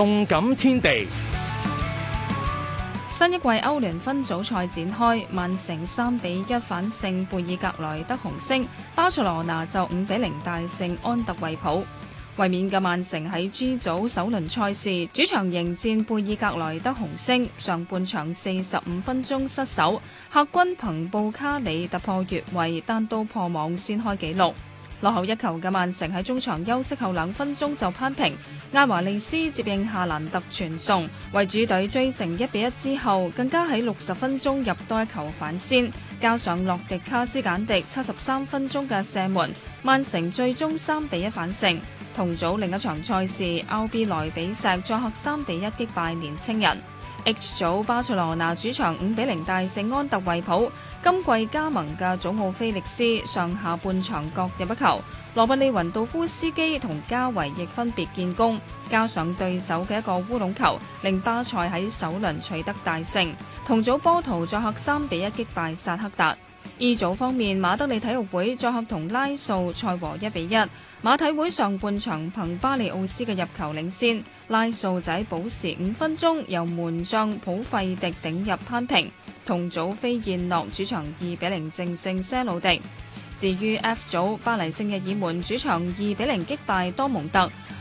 動感天地，新一季歐聯分組賽展開，曼城三比一反勝貝爾格萊德紅星，巴塞羅拿就五比零大勝安特衛普。衛冕嘅曼城喺 G 組首輪賽事主場迎戰貝爾格萊德紅星，上半場四十五分鐘失守，客軍憑布卡里突破越位，單刀破網先開紀錄。落後一球嘅曼城喺中場休息後兩分鐘就攀平，艾華利斯接應夏蘭特傳送，為主隊追成一比一之後，更加喺六十分鐘入多一球反先，加上洛迪卡斯簡迪七十三分鐘嘅射門，曼城最終三比一反勝。同組另一場賽事，奧比萊比錫作客三比一擊敗年青人。H 組巴塞羅拿主場五比零大勝安特衛普，今季加盟嘅祖奧菲力斯上下半場各入一球，羅拔利雲度夫斯基同加維亦分別建功，加上對手嘅一個烏龍球，令巴塞喺首輪取得大勝。同組波圖作客三比一擊敗薩克達。E 組方面，馬德里體育會作客同拉素賽和一比一。馬體會上半場憑巴利奧斯嘅入球領先，拉素仔補時五分鐘由門將普費迪頂入攀平。同組飛燕諾主場二比零淨勝些路迪。至於 F 組，巴黎聖日耳門主場二比零擊敗多蒙特。